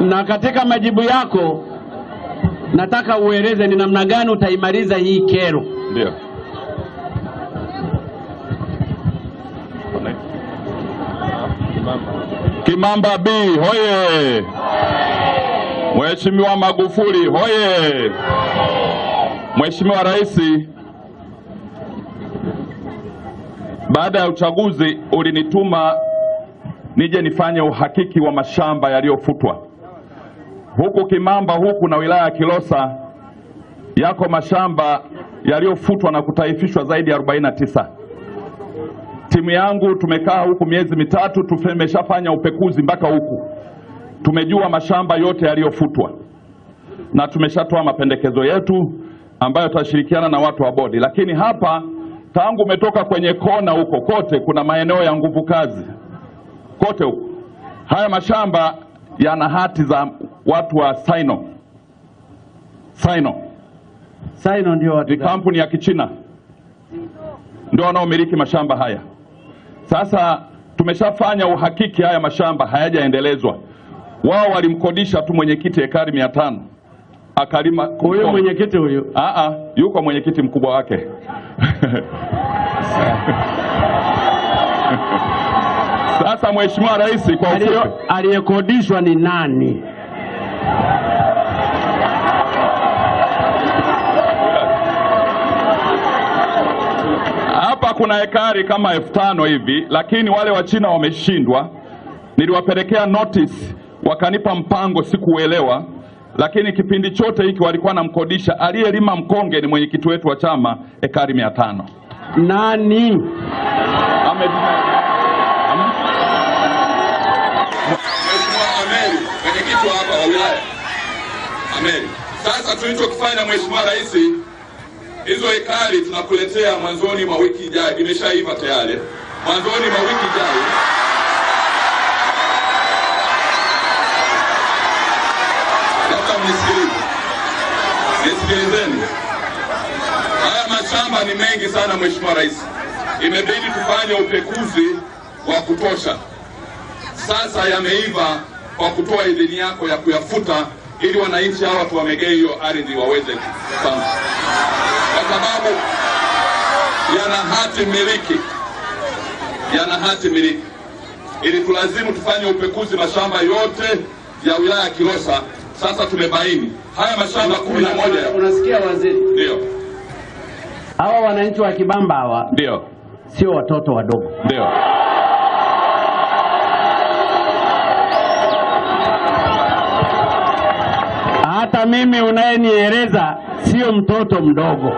na katika majibu yako nataka ueleze ni namna gani utaimaliza hii kero. Ndio. Kimamba B hoye! Mheshimiwa Magufuli hoye! Mheshimiwa Rais, baada ya uchaguzi ulinituma nije nifanye uhakiki wa mashamba yaliyofutwa huku Kimamba huku na wilaya ya Kilosa yako mashamba yaliyofutwa na kutaifishwa zaidi ya 49. Timu yangu tumekaa huku miezi mitatu, tumeshafanya upekuzi mpaka huku, tumejua mashamba yote yaliyofutwa na tumeshatoa mapendekezo yetu ambayo tutashirikiana na watu wa bodi, lakini hapa tangu umetoka kwenye kona huko kote kuna maeneo ya nguvu kazi kote huko. Haya mashamba yana hati za watu wa Sino. Sino, Sino ndio watu ni kampuni ya Kichina ndio wanaomiliki mashamba haya. Sasa tumeshafanya uhakiki, haya mashamba hayajaendelezwa. Wao walimkodisha tu mwenyekiti hekari mia tano akalima. Huyo mwenyekiti huyo, a a, yuko mwenyekiti mkubwa wake Sasa Mheshimiwa Rais, kwa ufupi, aliyekodishwa ni nani? Hapa kuna hekari kama elfu tano hivi, lakini wale wa china wameshindwa. Niliwapelekea notice, wakanipa mpango, sikuelewa lakini kipindi chote hiki walikuwa namkodisha. Aliyelima mkonge ni mwenyekiti wetu wa chama, ekari mia tano. Nani? amedina? Mheshimiwa Ameri, mwenyekiti wa hapa wa wilaya Sasa tulichokifanya Mheshimiwa Rais, hizo hekari tunakuletea mwanzoni mwa wiki ijayo, imeshaiva tayari, mwanzoni mwa wiki ijayo Nisikilizeni, haya mashamba ni mengi sana Mheshimiwa Rais, imebidi tufanye upekuzi wa kutosha sasa yameiva kwa kutoa idhini yako ya kuyafuta ili wananchi hawa tuwamegee hiyo ardhi waweze sana, kwa sababu yana hati miliki, yana hati miliki. Ili tulazimu tufanye upekuzi mashamba yote ya wilaya ya Kilosa. Sasa tumebaini haya mashamba kumi na moja. Unasikia waziri? Ndio hawa wananchi wa Kibamba hawa, ndio sio watoto wadogo, ndio. hata mimi unayenieleza sio mtoto mdogo.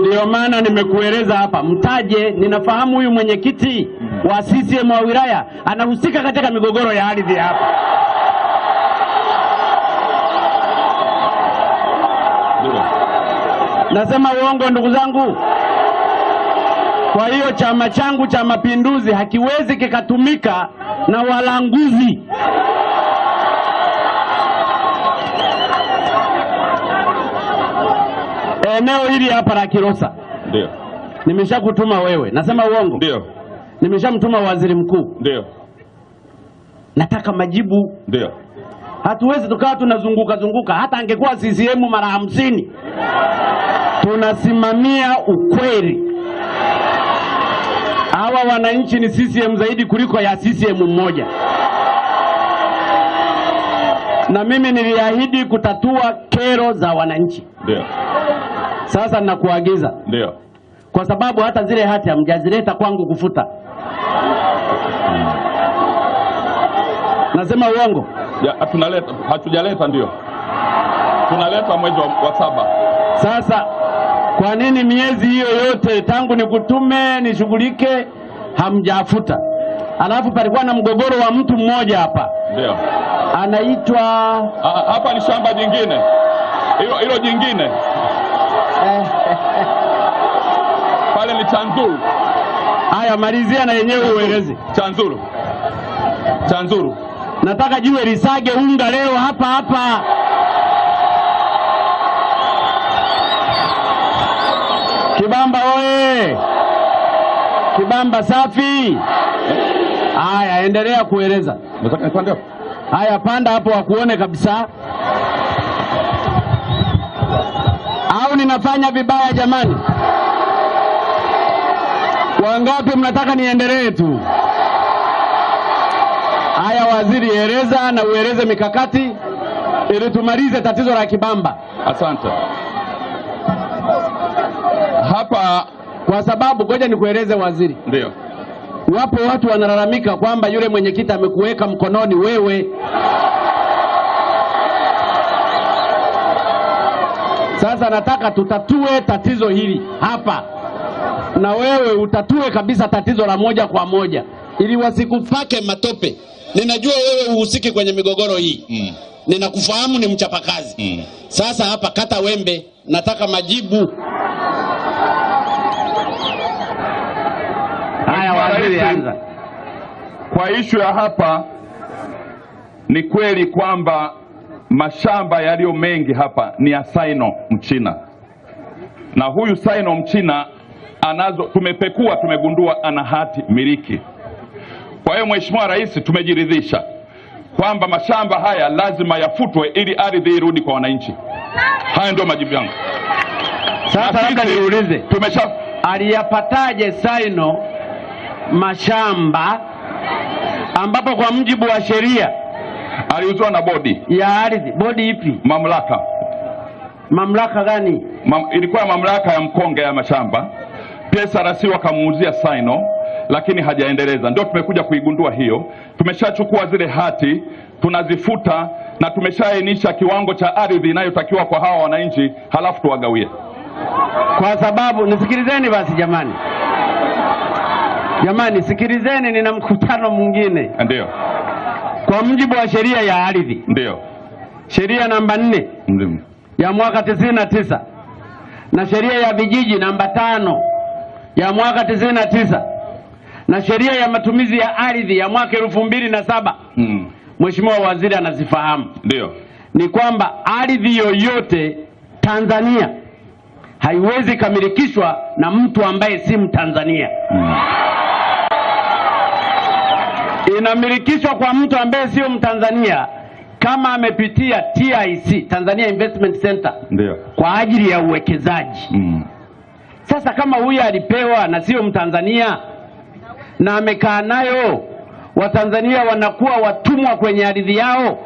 Ndiyo maana nimekueleza hapa, mtaje. Ninafahamu huyu mwenyekiti wa CCM wa wilaya anahusika katika migogoro ya ardhi hapa. Nasema uongo, ndugu zangu? Kwa hiyo chama changu cha Mapinduzi hakiwezi kikatumika na walanguzi. eneo hili hapa la Kilosa. Ndio. Nimeshakutuma wewe, nasema uongo? Ndio. Nimeshamtuma waziri mkuu. Ndio. Nataka majibu. Ndio. Hatuwezi tukawa tunazunguka zunguka, hata angekuwa CCM mara hamsini. Tunasimamia ukweli. Hawa wananchi ni CCM zaidi kuliko ya CCM mmoja na mimi niliahidi kutatua kero za wananchi. Ndio. Sasa ninakuagiza ndio, kwa sababu hata zile hati hamjazileta kwangu kufuta. Hmm. Nasema uongo? Ya, tunaleta, hatujaleta ndio, tunaleta mwezi wa saba. Sasa kwa nini miezi hiyo yote tangu nikutume nishughulike hamjafuta? Alafu palikuwa na mgogoro wa mtu mmoja hapa ndio anaitwa hapa, ni shamba jingine hilo, hilo jingine pale ni Chanzuru. Haya, malizia na yenyewe uelezi chanzuru chanzuru nataka jiwe lisage unga leo hapa hapa. Kibamba oye! Kibamba safi! Haya, endelea kueleza. Haya, panda hapo wakuone kabisa. ninafanya vibaya jamani? Wangapi mnataka niendelee tu? Haya, waziri, eleza na ueleze mikakati ili tumalize tatizo la Kibamba. Asante. Hapa kwa sababu, ngoja nikueleze waziri. Ndio, wapo watu wanalalamika kwamba yule mwenyekiti amekuweka mkononi wewe Sasa nataka tutatue tatizo hili hapa, na wewe utatue kabisa tatizo la moja kwa moja, ili wasikupake matope. Ninajua wewe uhusiki kwenye migogoro hii mm. Ninakufahamu ni mchapakazi mm. Sasa hapa kata wembe, nataka majibu haya. Waziri anza. Kwa ishu ya hapa, ni kweli kwamba mashamba yaliyo mengi hapa ni ya Sino Mchina, na huyu Sino Mchina anazo, tumepekua tumegundua ana hati miliki. Kwa hiyo Mheshimiwa Rais, tumejiridhisha kwamba mashamba haya lazima yafutwe ili ardhi irudi kwa wananchi. Haya ndio majibu yangu. Sasa labda niulize, tumesha aliyapataje Sino mashamba ambapo kwa mujibu wa sheria aliuzwa na bodi ya ardhi. Bodi ipi? Mamlaka. Mamlaka gani? Mam, ilikuwa mamlaka ya mkonge ya mashamba. PSRC wakamuuzia saino lakini hajaendeleza. Ndio tumekuja kuigundua hiyo. Tumeshachukua zile hati tunazifuta, na tumeshaainisha kiwango cha ardhi inayotakiwa kwa hawa wananchi, halafu tuwagawie kwa sababu nisikilizeni basi jamani, jamani, sikilizeni, nina mkutano mwingine ndio kwa mjibu wa sheria ya ardhi, ndio sheria namba nne ya mwaka tisini na tisa na sheria ya vijiji namba tano ya mwaka tisini na tisa na sheria ya matumizi ya ardhi ya mwaka elfu mbili na saba mm. Waziri anazifahamu, ndio ni kwamba ardhi yoyote Tanzania haiwezi kamilikishwa na mtu ambaye si Mtanzania mm inamilikishwa kwa mtu ambaye sio Mtanzania kama amepitia TIC, Tanzania Investment Center, ndio kwa ajili ya uwekezaji mm. Sasa kama huyu alipewa na sio Mtanzania na amekaa nayo, Watanzania wanakuwa watumwa kwenye ardhi yao,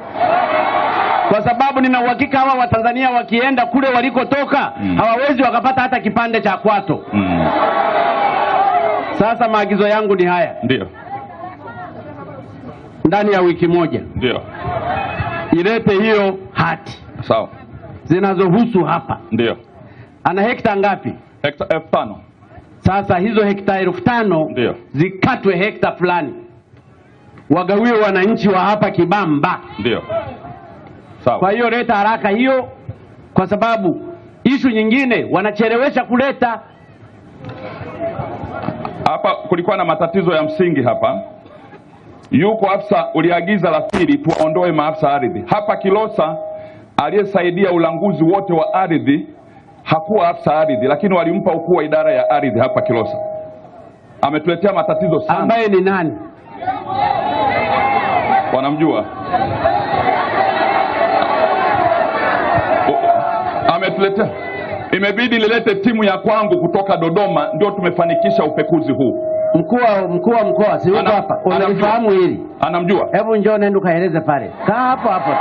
kwa sababu nina uhakika hawa Watanzania wakienda kule walikotoka mm. hawawezi wakapata hata kipande cha kwato mm. Sasa maagizo yangu ni haya, ndio ndani ya wiki moja, ndio ilete hiyo hati sawa, zinazohusu hapa. Ndio ana hekta ngapi? Hekta elfu tano. Sasa hizo hekta elfu tano zikatwe hekta fulani, wagawie wananchi wa hapa Kibamba. Ndio sawa. Kwa hiyo leta haraka hiyo, kwa sababu ishu nyingine wanachelewesha kuleta hapa. Kulikuwa na matatizo ya msingi hapa yuko afisa, uliagiza la pili tuwaondoe maafisa ardhi hapa Kilosa. Aliyesaidia ulanguzi wote wa ardhi hakuwa afisa ardhi, lakini walimpa ukuu wa idara ya ardhi hapa Kilosa. Ametuletea matatizo sana. Ambaye ni nani? Wanamjua? Ametuletea, imebidi lilete timu ya kwangu kutoka Dodoma, ndio tumefanikisha upekuzi huu mkuu wa mkoa si yuko hapa, unalifahamu hili? Anamjua. Hebu njoo nenda ukaeleze pale, kaa hapo hapo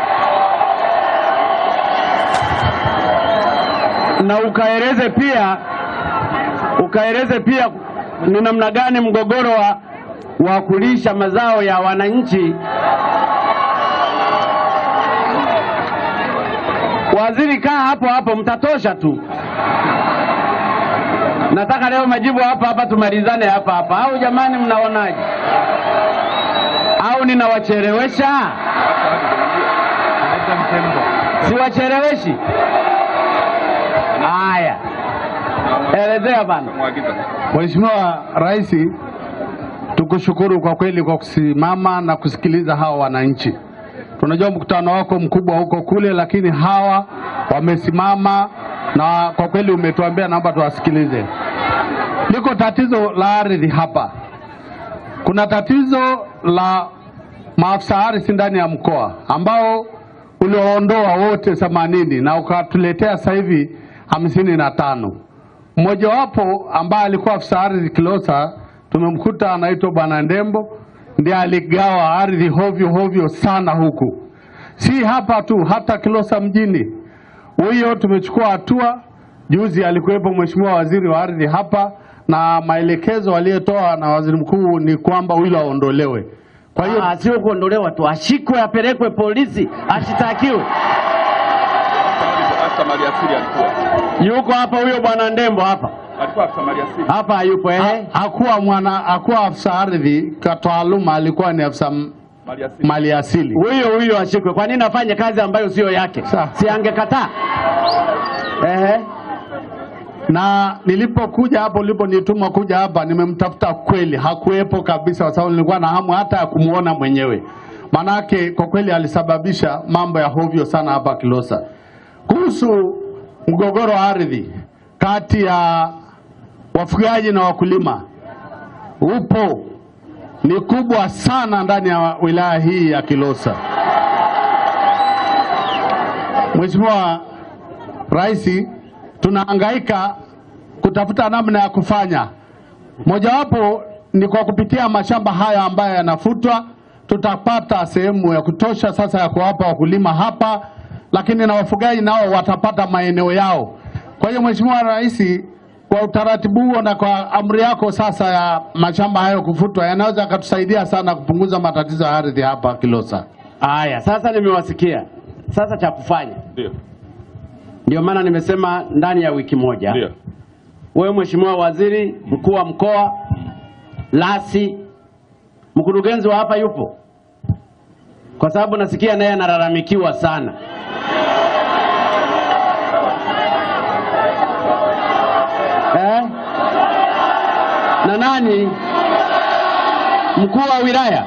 na ukaeleze pia, ukaeleze pia ni namna gani mgogoro wa, wa kulisha mazao ya wananchi. Waziri, kaa hapo hapo, mtatosha tu. Nataka leo majibu hapa hapa, tumalizane hapa hapa, au jamani, mnaonaje? Au ninawachelewesha? Siwacheleweshi. Haya, elezea bana. Mheshimiwa Rais, tukushukuru kwa kweli kwa kusimama na kusikiliza hawa wananchi. Tunajua mkutano wako mkubwa huko kule, lakini hawa wamesimama na kwa kweli umetuambia namba tuwasikilize. Liko tatizo la ardhi hapa, kuna tatizo la maafisa ardhi ndani ya mkoa ambao ulioondoa wote themanini na ukatuletea sasa hivi hamsini na tano. Mmojawapo ambaye alikuwa afisa ardhi Kilosa tumemkuta anaitwa Bwana Ndembo, ndiye aligawa ardhi hovyo hovyo sana huku, si hapa tu, hata Kilosa mjini huyo tumechukua hatua. Juzi alikuwepo Mheshimiwa Waziri wa Ardhi hapa na maelekezo aliyotoa na waziri mkuu ni kwamba huyo aondolewe. Kwa hiyo ah, sio kuondolewa tu, ashikwe, apelekwe polisi, ashitakiwe. Yuko hapa huyo bwana Ndembo hapa hapa, yupo eh, hakuwa mwana, hakuwa afisa ardhi kwa taaluma, alikuwa ni afisa mali asili, huyo huyo ashikwe. Kwa nini afanye kazi ambayo siyo yake? Si angekataa? Ehe. Na nilipokuja hapo, uliponituma kuja hapa, nimemtafuta kweli, hakuwepo kabisa, kwa sababu nilikuwa na hamu hata ya kumwona mwenyewe, manake kwa kweli alisababisha mambo ya hovyo sana hapa Kilosa. Kuhusu mgogoro wa ardhi kati ya wafugaji na wakulima, upo ni kubwa sana ndani ya wilaya hii ya Kilosa. Mheshimiwa Rais, tunahangaika kutafuta namna ya kufanya, mojawapo ni kwa kupitia mashamba haya ambayo yanafutwa, tutapata sehemu ya kutosha sasa ya kuwapa wakulima hapa, lakini na wafugaji nao watapata maeneo yao. Kwa hiyo Mheshimiwa Rais, kwa utaratibu huo na kwa amri yako sasa ya mashamba hayo kufutwa, yanaweza akatusaidia sana kupunguza matatizo ya ardhi hapa Kilosa. Haya, sasa nimewasikia. Sasa cha kufanya ndio ndio maana nimesema ndani ya wiki moja. Ndio wewe Mheshimiwa Waziri Mkuu wa Mkoa, lasi mkurugenzi wa hapa yupo, kwa sababu nasikia naye analalamikiwa sana. na nani? Mkuu wa wilaya.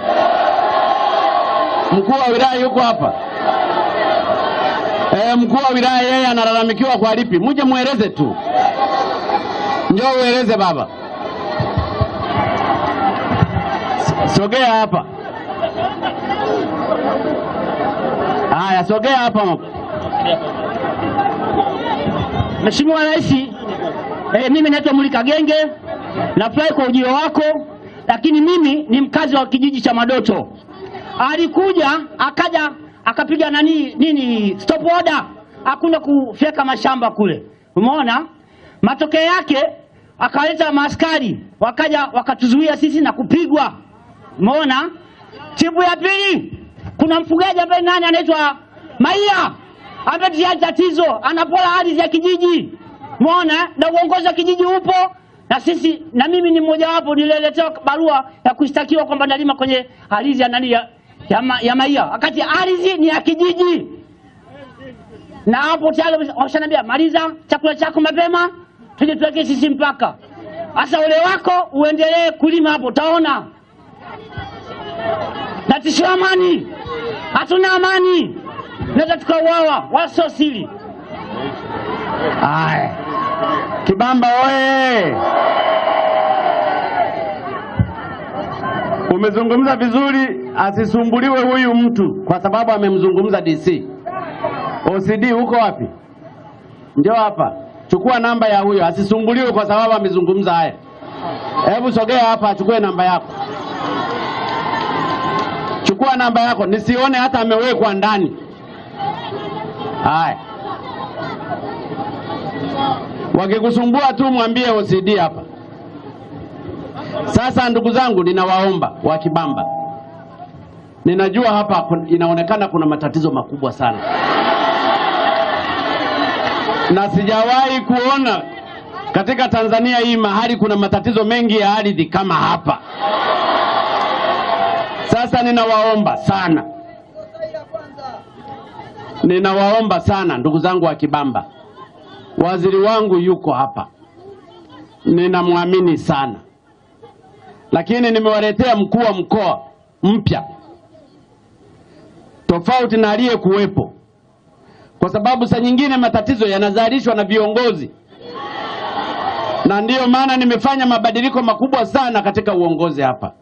Mkuu wa wilaya yuko hapa. E, mkuu wa wilaya yeye analalamikiwa kwa lipi? Muje mueleze tu, njoo ueleze baba. Sogea hapa. Haya, sogea hapa. Mheshimiwa Rais, eh, mimi naitwa Mulika Genge. Nafurahi kwa ujio wako, lakini mimi ni mkazi wa kijiji cha Madoto. Alikuja akaja akapiga nani nini stop order, hakuna kufyeka mashamba kule, umeona. Matokeo yake akaleta maaskari wakaja wakatuzuia sisi na kupigwa, umeona. Tibu ya pili, kuna mfugaji ambaye nani anaitwa Maia ametia tatizo anapola ardhi ya kijiji, umeona, na uongozi wa kijiji upo na sisi na mimi ni mmojawapo nililetewa barua ya kushtakiwa kwamba nalima kwenye ardhi ya nani ya, ya, ma, ya Maia, wakati ardhi ni ya kijiji, na hapo tayari washanambia maliza chakula chako mapema, tuje tuweke sisi mpaka hasa ule wako uendelee kulima hapo, utaona na amani. Hatuna amani, naweza tukauawa, wasosili Kibamba oye! Umezungumza vizuri, asisumbuliwe huyu mtu kwa sababu amemzungumza DC. OCD huko wapi? Njoo hapa, chukua namba ya huyo, asisumbuliwe kwa sababu amezungumza haya. Hebu sogea hapa, achukue namba yako, chukua namba yako, nisione hata amewekwa ndani. Haya. Wakikusumbua tu mwambie OCD hapa. Sasa ndugu zangu, ninawaomba wa Kibamba, ninajua hapa inaonekana kuna matatizo makubwa sana na sijawahi kuona katika Tanzania hii mahali kuna matatizo mengi ya ardhi kama hapa. Sasa ninawaomba sana, ninawaomba sana ndugu zangu wa Kibamba. Waziri wangu yuko hapa, ninamwamini sana, lakini nimewaletea mkuu wa mkoa mpya tofauti na aliyekuwepo, kwa sababu saa nyingine matatizo yanazalishwa na viongozi, na ndiyo maana nimefanya mabadiliko makubwa sana katika uongozi hapa.